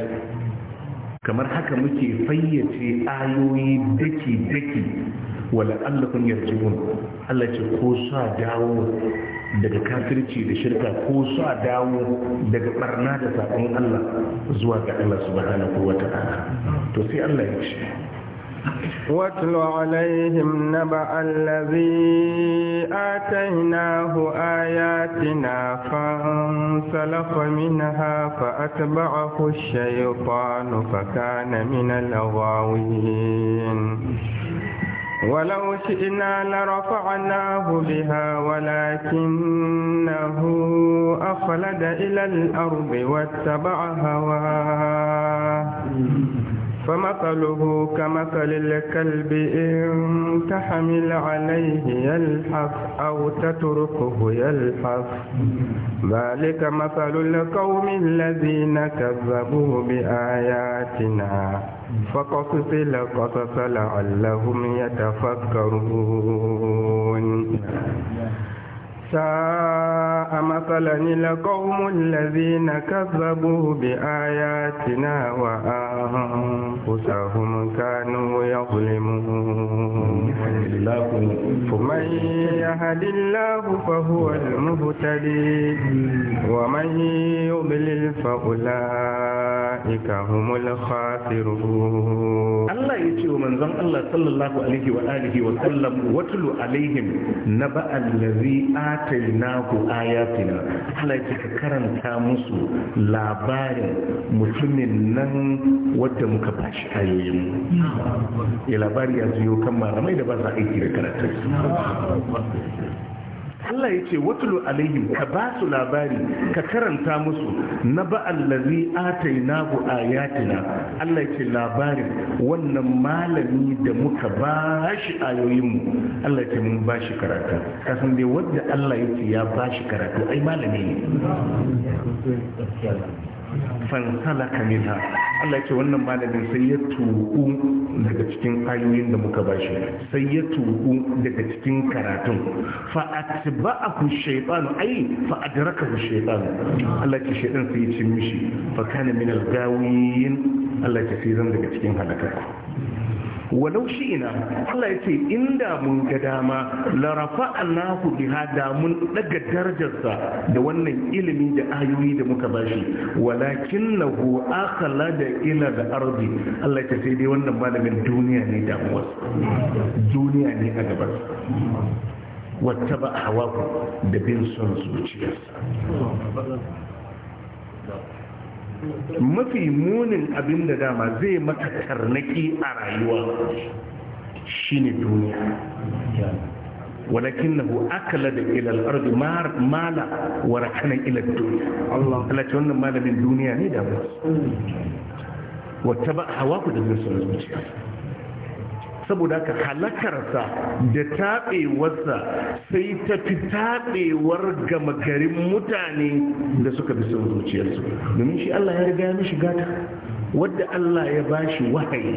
kamar haka muke fayyace ayoyi daki daki wala allakum yarjibun Allah ce ko sa dawo daga kafirci da shirka ko su a dawo daga barna da sakon Allah zuwa ga Allah subhanahu wa ta'ala to sai Allah ya ce واتل عليهم نبأ الذي آتيناه آياتنا فانسلخ منها فأتبعه الشيطان فكان من الغاوين ولو شئنا لرفعناه بها ولكنه أخلد إلى الأرض واتبع هواه فمثله كمثل الكلب إن تحمل عليه يلحف أو تتركه يلحف ذلك مثل القوم الذين كذبوا بآياتنا فقصص القصص لعلهم يتفكرون ساء مثلا القوم الذين كذبوا بآياتنا وأنفسهم كانوا يظلمون فمن يهد الله فهو المهتدي ومن يضلل فأولئك ulaika humul khasirun Allah ya ce wa manzon Allah sallallahu alaihi wa alihi wa sallam watlu alaihim naba allazi atainahu ayatina Allah ya ce ka karanta musu labarin mutumin nan wanda muka bashi ayoyin mu ya labari ya zo kan malamai da ba za a aiki da karatun Allah ya ce watulu alaihim ka ba su labari ka karanta musu na ba'allazi atainahu ayatina Allah ya ce labarin wannan malami da muka ba shi ayoyinmu mu Allah ya ce mun ba shi karatu kasan dai wanda Allah ya ce ya ba shi karatu ai malami ne fansalaka minha Allah ce wannan malamin sai ya tuku daga cikin ayoyin da muka bashi sai ya tuku daga cikin karatun fa atba'ahu shaytanu ai fa adrakahu shaytanu Allah ce shaytan sai ya ci mishi fa kana min al-gawiyin Allah ce sai zan daga cikin halaka walau ina Allah ya ce inda mun ga dama larafa Allahu biha da mun daga darajarsa da wannan ilimi da ayoyi da muka bashi walakin lahu da ila da ardi Allah ya ce dai wannan malamin duniya ne damuwar duniya ne a gaban wata ba hawa da bin son zuciyarsa mafi munin abin da dama zai maka karnaki a rayuwa shine duniya walakin na akala da ilal ardi mala wara kanan ilal duniya Allah Allah malamin duniya ne da ba wata hawa ku da zai sun zuciya saboda haka halakarsa da taɓewarsa sai ta fi taɓewar gama garin mutane da suka fi son zuciyarsu domin shi Allah ya riga ya mishi gata wadda Allah ya bashi wahayi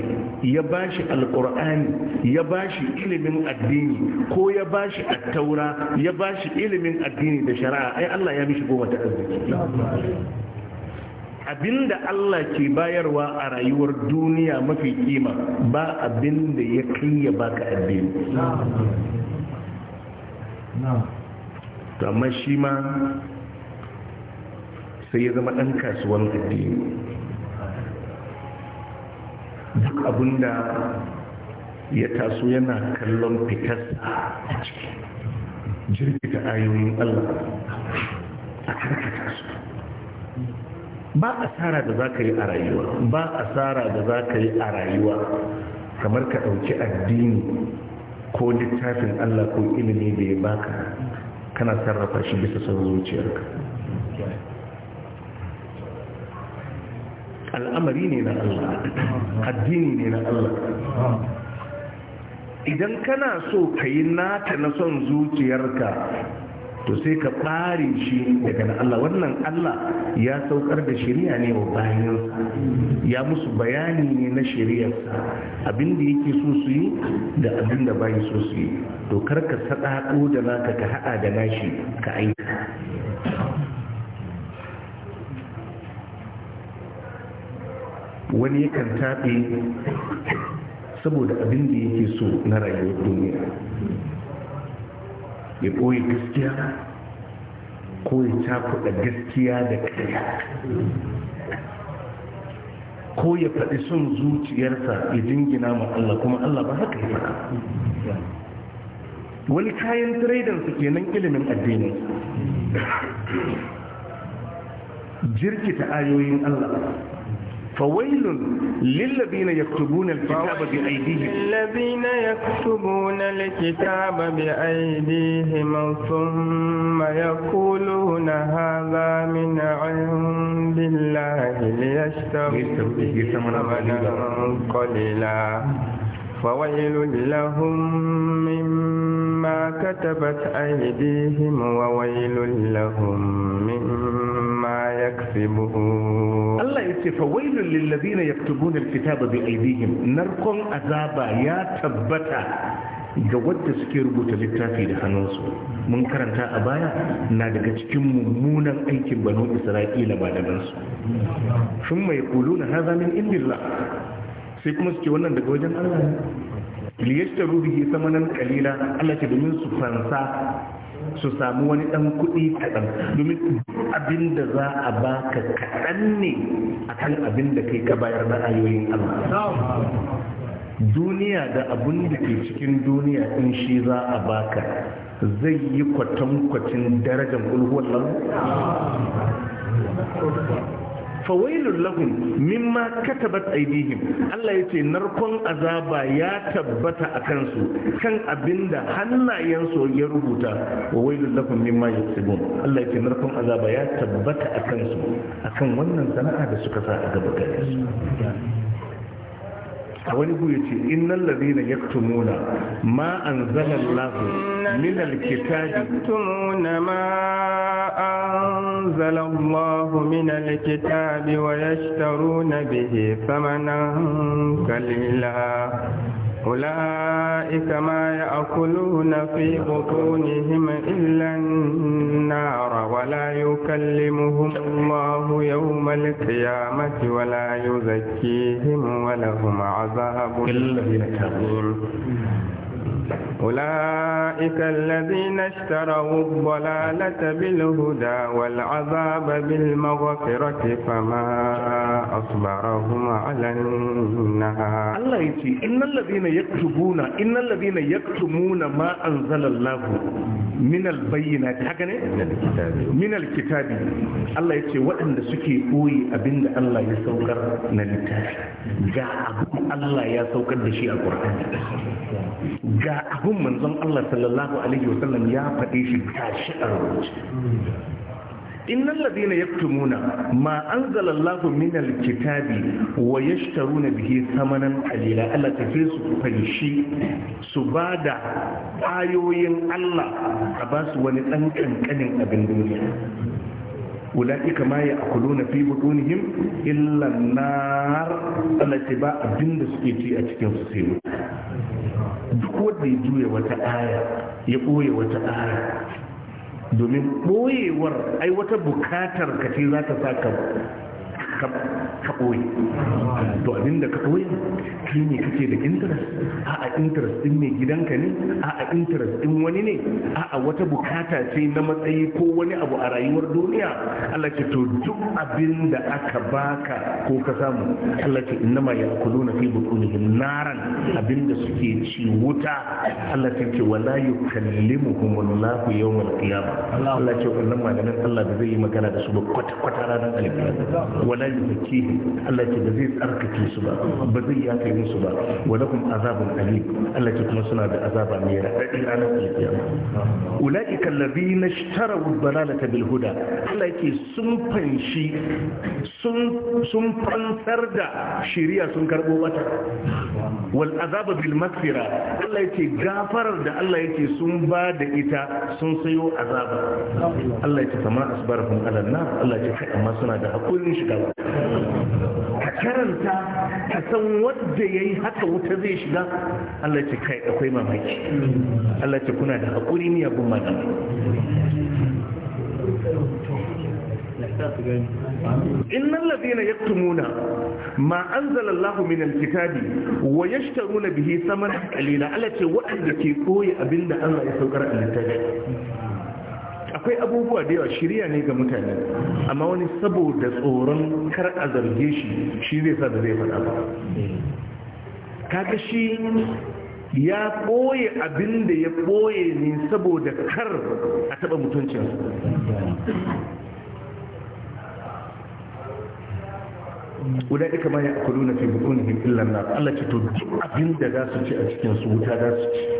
ya bashi alkur'ani ya bashi ilimin addini ko ya bashi attaura ya bashi ilimin addini da shari'a ai Allah ya mishi goma ta arziki abinda Allah ke bayarwa a rayuwar duniya mafi kima ba abinda ya kai ba baka addini Tamar shi ma sai ya zama ɗan kasuwan addini duk da ya taso yana kallon fitarsa a ciki jirgita ayoyin Allah a karkata su ba asara da za ka yi a rayuwa ba asara da za ka yi a rayuwa kamar ka ɗauki addini ko littafin Allah ko ilimi da ya baka kana sarrafa shi bisa son zuciyarka al'amari ne na Allah addini ne na Allah idan kana so ka yi nata na son zuciyarka to sai ka ɓare shi daga na Allah wannan Allah ya saukar da shari'a ne wa bayan ya musu bayani ne na shari'a abin da yake so su yi da abin da bayi so su yi to kar ka ko da naka ka haɗa da nashi ka aika wani yakan taɓe saboda abin da yake so na rayuwar duniya ya ɓoye gaskiya ko ya cakuɗa gaskiya da ƙarya ko ya faɗi son zuciyarsa ya jingina ma Allah kuma Allah ba haka ya faɗa wani kayan su kenan ilimin addini jirkita ayoyin Allah فويل للذين يكتبون الكتاب بأيديهم الذين يكتبون الكتاب بأيديهم ثم يقولون هذا من عند الله ليشتروا به ثمنا قليلا فويل لهم مما كتبت أيديهم وويل لهم مما Allah يكسبون الله يتي فويل للذين يكتبون الكتاب بأيديهم Narkon Azaba ya tabbata, ga wadda suke rubuta littafi da hannunsu mun karanta a baya na daga cikin mummunan aikin banu isra'ila ba da bansu sun mai kulu na haza min sai kuma suke wannan daga wajen allah ne liyashtaru bihi samanan kalila allah ce domin su fansa su samu wani ɗan kuɗi kaɗan domin abin da za a baka kaɗan ne a kan abin da kai ka bayar da ayoyin Allah. Duniya da abin da ke cikin duniya in shi za a baka zai yi kwatankwacin darajar Allah. fawailul lahum mimma katabat aydihim Allah ce narkon azaba ya tabbata a kansu kan abinda hannayensu ya rubuta wa wailul lahum mimma yaksubun Allah ce narkon azaba ya tabbata a kansu akan wannan sana'a da suka sa a gaba gare su a wani guri ce Innan ladina yaktumuna ma anzalallahu min alkitabi yaktumuna ma anzalallahu min alkitabi wa yashtaruna bihi thamanan qalila أولئك ما يأكلون في بطونهم إلا النار ولا يكلمهم الله يوم القيامة ولا يزكيهم ولهم عذاب إلا أولئك الذين اشتروا الضلالة بالهدى والعذاب بالمغفرة فما أصبرهم على النهار الله يتي إن الذين يكتبون إن الذين يكتمون ما أنزل الله من البينات هكذا من الكتاب الله يتي وأن سكي أوي أبند الله يسوكر نلتاش جاء الله يسوكر بشيء القرآن جاء abun manzon Allah sallallahu alaihi wasallam ya faɗe shi tashi a rubuce innal ladina yaktumuna ma anzala Allah min kitabi wa yashtaruna bihi thamanan qalila Allah ta fi su fanshi su da ayoyin Allah a ba su wani ɗan ƙanƙanin abin duniya ulaika ma na fi butunihim illa an-nar allati ba abinda suke ci a cikin su sai wanda ya juya wata aya ya ɓoye wata aya domin ɓoyewar ai wata bukatar ka ce za ta sa ka ka ɓoye to abinda ka ɓoye shi ne kake da interest a a interest din mai gidanka ne a a interest din wani ne a a wata bukata ce na matsayi ko wani abu a rayuwar duniya Allah ce to duk abin da aka baka ko ka samu Allah ce innama ya kuluna fi bukunihim naran abin da suke ci wuta Allah ce ce wala yukallimuhumullahu yawmal qiyamah Allah ce wannan maganar Allah da zai yi magana da su ba kwata kwata ranar alƙiyama wala yuzakihim Allah ce ba zai tsarkake su ba ba zai ya kai musu ba wa lakum azabun alim Allah ce kuma suna da azaba mai raɗaɗi a nan kiyama ulaika alladhina ishtaraw ad-dalalata bil huda Allah ce sun fanshi sun sun fansar da shari'a sun karɓo mata wal azaba bil maghfira Allah ce gafarar da Allah yake sun ba da ita sun sayo azaba Allah ya ce kama asbarahum ala nar Allah ya ce kai amma suna da hakurin shiga ka karanta ka san wadda ya yi haka wuta zai shiga Allah ce kai akwai mamaki Allah ce kuna da haƙuri ne abin mana إن الذين يكتمون ما أنزل الله من الكتاب ويشترون به ثمنا قليلا التي وأن يكتبوا أبن الله يسوكر الكتاب akwai abubuwa da yawa shirya ne ga mutane amma wani saboda tsoron kar a zarge shi shi zai sa da zai faɗa ba kaga shi ya ɓoye abin da ya ɓoye ne saboda kar a taɓa mutuncin guda ɗi kamar ya akulu na fi buɗu ne illan na Allah ce to duk abin da za su ci a cikin su wuta za su ci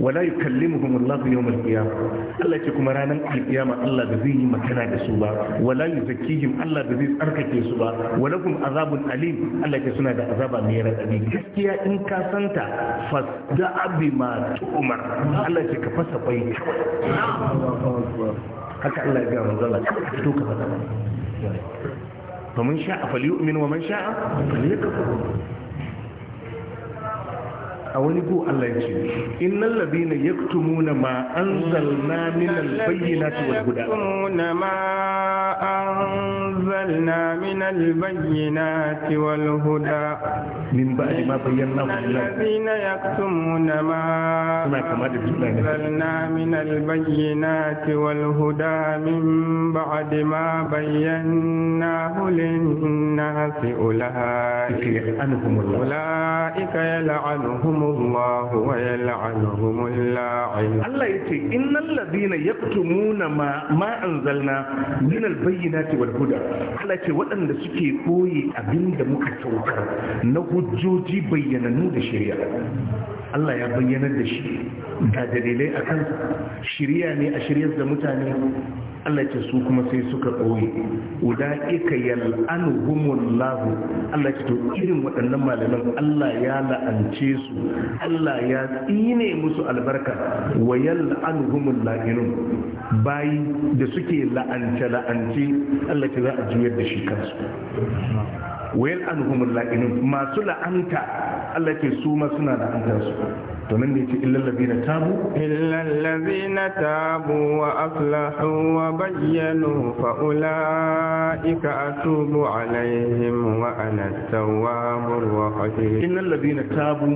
wala yukallimuhum Allah yawm al-qiyamah Allah ce kuma ranar al-qiyama Allah da zai yi magana da su ba wala yuzakkihim Allah da zai tsarkake su ba walakum azabun alim Allah ce suna da azaba mai radadi gaskiya in ka santa fasda'a bima tu'mar Allah ce ka fasa bai haka Allah ya ga manzala to ka fada to mun sha'a falyu'min wa man sha'a falyakfur a wani ko Allah ya ce innal ladina yaktumuna ma anzalna min albayyinati wal huda yaktumuna ma anzalna min albayyinati wal huda min ba'di ma bayyanahu lil ladina yaktumuna ma anzalna min albayyinati wal huda min ba'di ma bayyanahu lin nasi ulaika yal'anuhum ulaika yal'anuhum الله ويلعنهم اللاعن الله يتي إن الذين يكتمون ما ما أنزلنا من البينات والهدى الله يتي وأن سكي قوي أبين دمك توكر نهجوجي بينا نود الشريعة Allah ya bayyanar da shi ga dalilai akan shirya ne a shiryar da mutane Allah ce su kuma sai suka ɓoye ula'ika yal'anuhumullahu Allah ce to irin waɗannan malaman Allah ya la'ance su Allah ya tsine musu albarka wa yal'anuhumul la'inun bayi da suke la'ance la'ance Allah ce za a juyar da shi kansu wa yal'anuhumul la'inun masu la'anta Allah ce su ma suna la'antar su to nan da yace illal ladina tabu illal ladina tabu wa aslahu wa bayyanu fa ulaika atubu alaihim wa ana tawwabur rahim innal ladina tabu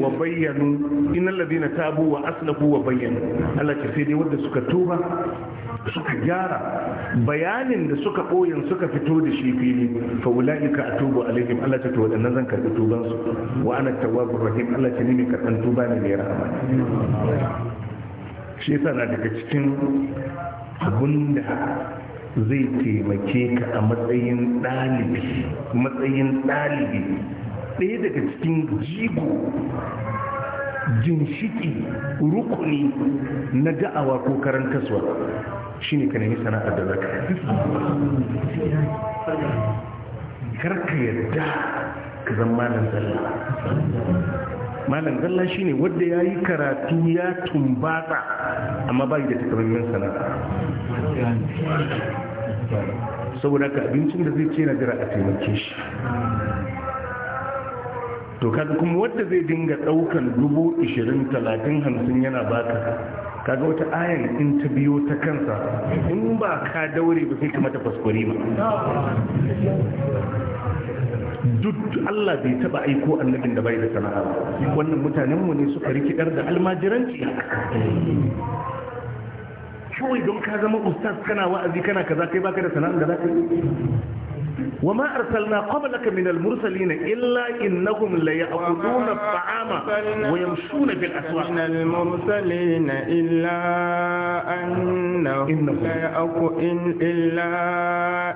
wa bayyanu innal ladina tabu wa aslahu wa bayyanu Allah ce sai dai wanda suka tuba suka gyara bayanin da suka koyin suka fito da shi fili fa ulaika atubu alaihim Allah ta to wadannan zan karbi tuban su wa ana tawwabur rahim Allah ce ni mai karban tuba ne mai rahama shi yasa na daga cikin abunda zai taimake ka a matsayin ɗalibi matsayin ɗalibi ɗaya daga cikin jigo ginshiki rukuni na da'awa ko karantaswa shi ne ka nemi sana'ar da zaka karka yadda ka zan malam zalla malam zalla shi ne wadda ya yi karatu ya tumbata amma ba yi da takamaimin sana'a saboda ka abincin da zai ce na jira a taimake shi to kaga kuma wadda zai dinga daukan dubu ishirin talatin hamsin yana baka kaga wata ayan in ta biyo ta kansa in ba ka daure ba sai ka mata faskuri ba duk Allah bai taba aiko annabin da bai da sana'a wannan mutanenmu ne suka rikidar da almajiranci kawai don ka zama ustaz kana wa'azi kana kaza kai baka da sana'a da zaka yi وما أرسلنا قبلك من المرسلين إلا إنهم ليأخذون الطعام ويمشون في الأسواق من المرسلين إلا أنهم إن إلا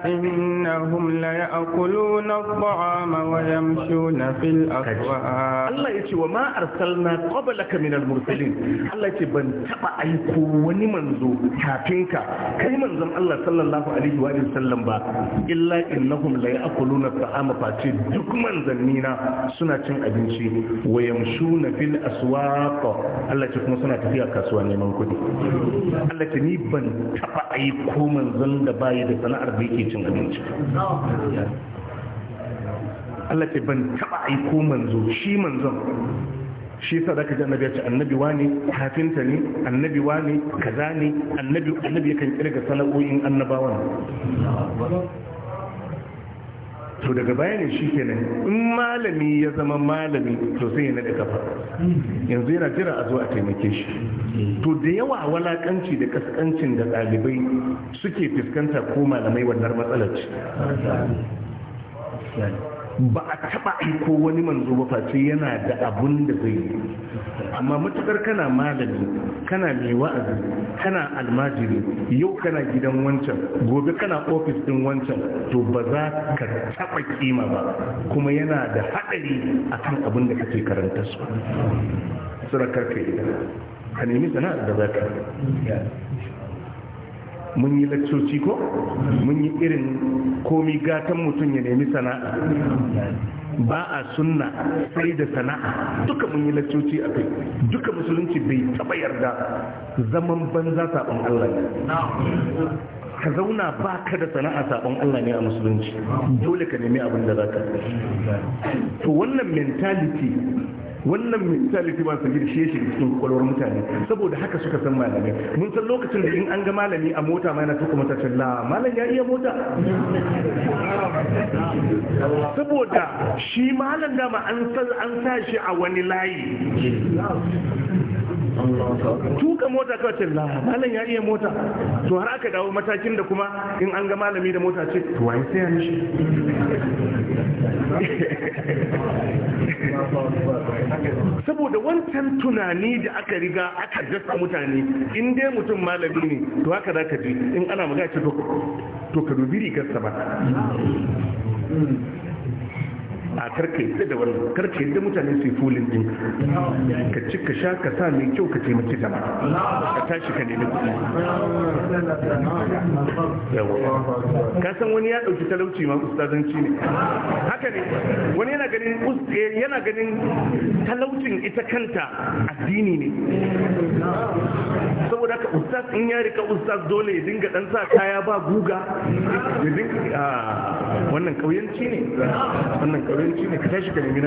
إنهم ليأكلون الطعام ويمشون في الأسواق الله يتي وما أرسلنا قبلك من المرسلين الله يتي بن تبع أيكو ونمنزو كافينك كي منزم الله صلى الله عليه وآله وسلم با إلا إنهم innahum la ya'kuluna ta'ama fati duk manzannina suna cin abinci wa yamshuna fil aswaq Allah ce kuma suna tafiya kasuwa neman kuɗi Allah ta ni ban taɓa aiko manzon da bayi da sana'ar da yake cin abinci Allah ce ban taɓa aiko manzo shi manzon shi yasa zaka ji annabi ya ce annabi wani kafinta ne annabi wani kaza ne annabi annabi yakan kirga sana'o'in annabawan to daga baya ne shi kenan in malami ya zama malami to sai ya naɗa kafa yanzu yana jira a zo a taimake shi to da yawa walakanci da kaskancin da ɗalibai suke fuskanta ko malamai wannan matsalar ce ba a taɓa aiko wani manzo ba face yana da abun da zai yi amma matukar kana malami kana mai wa'azi kana almajiri yau kana gidan wancan gobe kana ofis din wancan to ba za ka taɓa kima ba kuma yana da haɗari akan abun da kake karanta su sura karfe, ka nemi sana'ar da za ka mun yi laccoci ko mun yi irin komi gatan mutum ya nemi sana'a ba a sunna sai da sana'a duka mun yi laccoci a kai duka musulunci bai taba yarda zaman banza saɓon Allah ka zauna ba ka da sana'a sabon Allah ne a musulunci dole ka nemi abin da za ka to wannan mentality wannan mentality ba su girshe shi cikin kwakwalwar mutane saboda haka suka san malamai mun san lokacin da in an ga malami a mota ma yana kuma mata la malam ya iya mota saboda shi malam dama an sa shi a wani layi tuka mota kawai ce malam ya iya mota to har aka dawo matakin da kuma in an ga malami da mota ce to wai sai ya shi saboda wancan tunani da aka riga aka dasa mutane in dai mutum malami ne to haka za ka ji in ana magana ce to ka dubi rigarsa ba a karka yi da wannan karka da mutane su yi fulin din ka ci ka sha ka sa mai kyau ka taimaki zama ka tashi ka nemi kuɗi ka san wani ya ɗauki talauci ma ustazanci ne haka ne wani yana ganin yana ganin talaucin ita kanta addini ne saboda ka ustaz in ya rika ustaz dole ya dinga dan sa kaya ba guga wannan kauyanci ne wannan kauyanci wani ne ka ka nemi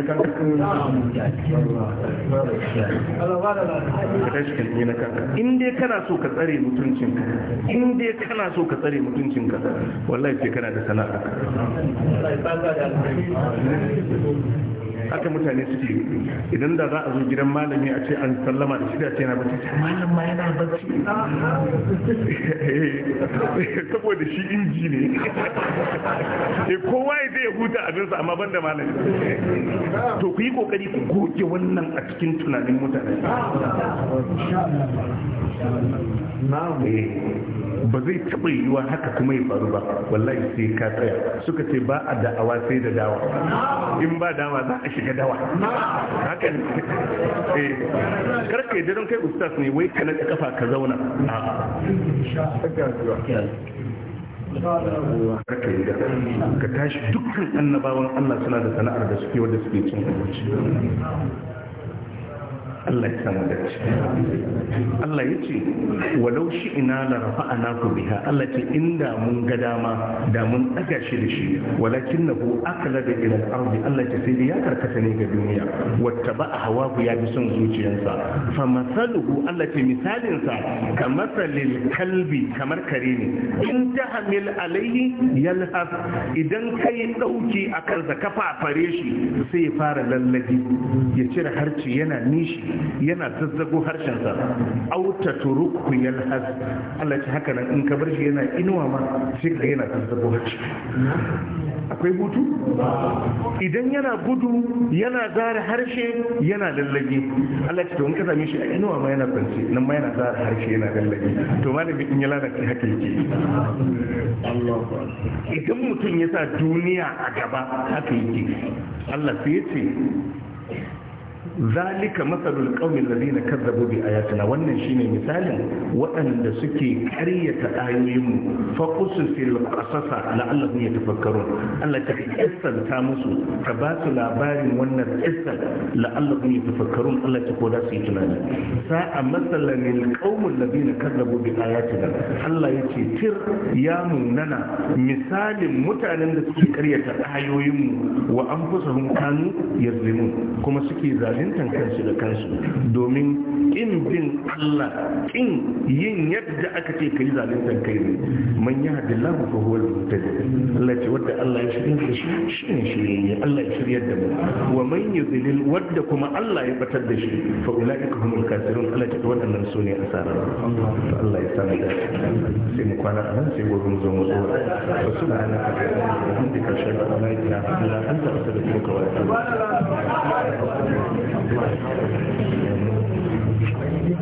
na kanka ka na in dai kana so ka tsare mutuncinka in dai kana so ka tsare wallahi kana da sana'a haka mutane suke idan da za a zo gidan malami a ce an sallama da shida ce na bacci malam ma yana bacci saboda shi inji ne e kowa ya zai huta huta abinsa amma ban da malami to ku yi kokari ku goge wannan a cikin tunanin mutane eh, ba zai taɓa yiwuwa haka kuma ya faru ba wallahi sai ka tsaya suka ce ba a da'awa sai da dawa in ba dama za a ka shiga dawa hakan ne eh. karka yi kai ustaz ne wai ka naɗa kafa ka zauna a yi ka tashi dukkan annabawan Allah suna da sana'ar da suke wadda suke cin abinci Allah ya samu dace Allah ya ce walau shi ina la a naku biha Allah ce inda mun ga dama da mun daga shi da shi walakin nahu akala da ila ardi Allah ce sai ya karkata ne ga duniya wattaba ku ya bi son zuciyarsa fa masaluhu Allah ce misalin sa kamasalil kalbi kamar kare ne in tahmil alayhi yalhaf idan kai dauki akan sa kafa fare shi sai ya fara lallabi ya cire harci yana nishi yana zazzago harshensa auta turukku yalhas Allah ce haka nan in ka bar shi yana inuwa ma shi ka yana zazzago harshe akwai hutu idan yana gudu yana zara harshe yana lallage Allah ce to in ka same shi a inuwa ma yana kwance nan ma yana zara harshe yana lallage to malami in ya lalace haka yake idan mutum ya sa duniya a gaba haka yake Allah sai ya ce zalika masalul qaumil ladina kazzabu bi ayatina wannan shine misalin waɗanda suke ƙaryata ayoyin mu fa qusfil qasasa la'allahum yatafakkarun Allah ta kissanta musu ka ba su labarin wannan kissa la'allahum yatafakkarun Allah ta koda su yi tunani sa'a masalanil qaumil ladina kazzabu bi ayatina Allah yace tir ya munana misalin mutanen da suke ƙaryata ayoyin mu wa anfusahum kanu yazlimun kuma suke zalunta zaluntan kansu da kansu domin kin bin Allah kin yin yadda aka ce kai zaluntan kai ne man ya hada lahu fa huwa al-muhtadi Allah ce wanda Allah ya shirya da shi shine shirye Allah ya shirya da mu wa man yudlil wadda kuma Allah ya batar da shi fa ulaika humul kafirun Allah ce wadannan su ne asara Allah ya sani da sai mu kwana a nan sai gobe mu zo mu zo wa subhanaka wa bihamdika ashhadu an la ilaha illa anta astaghfiruka wa atubu ilaik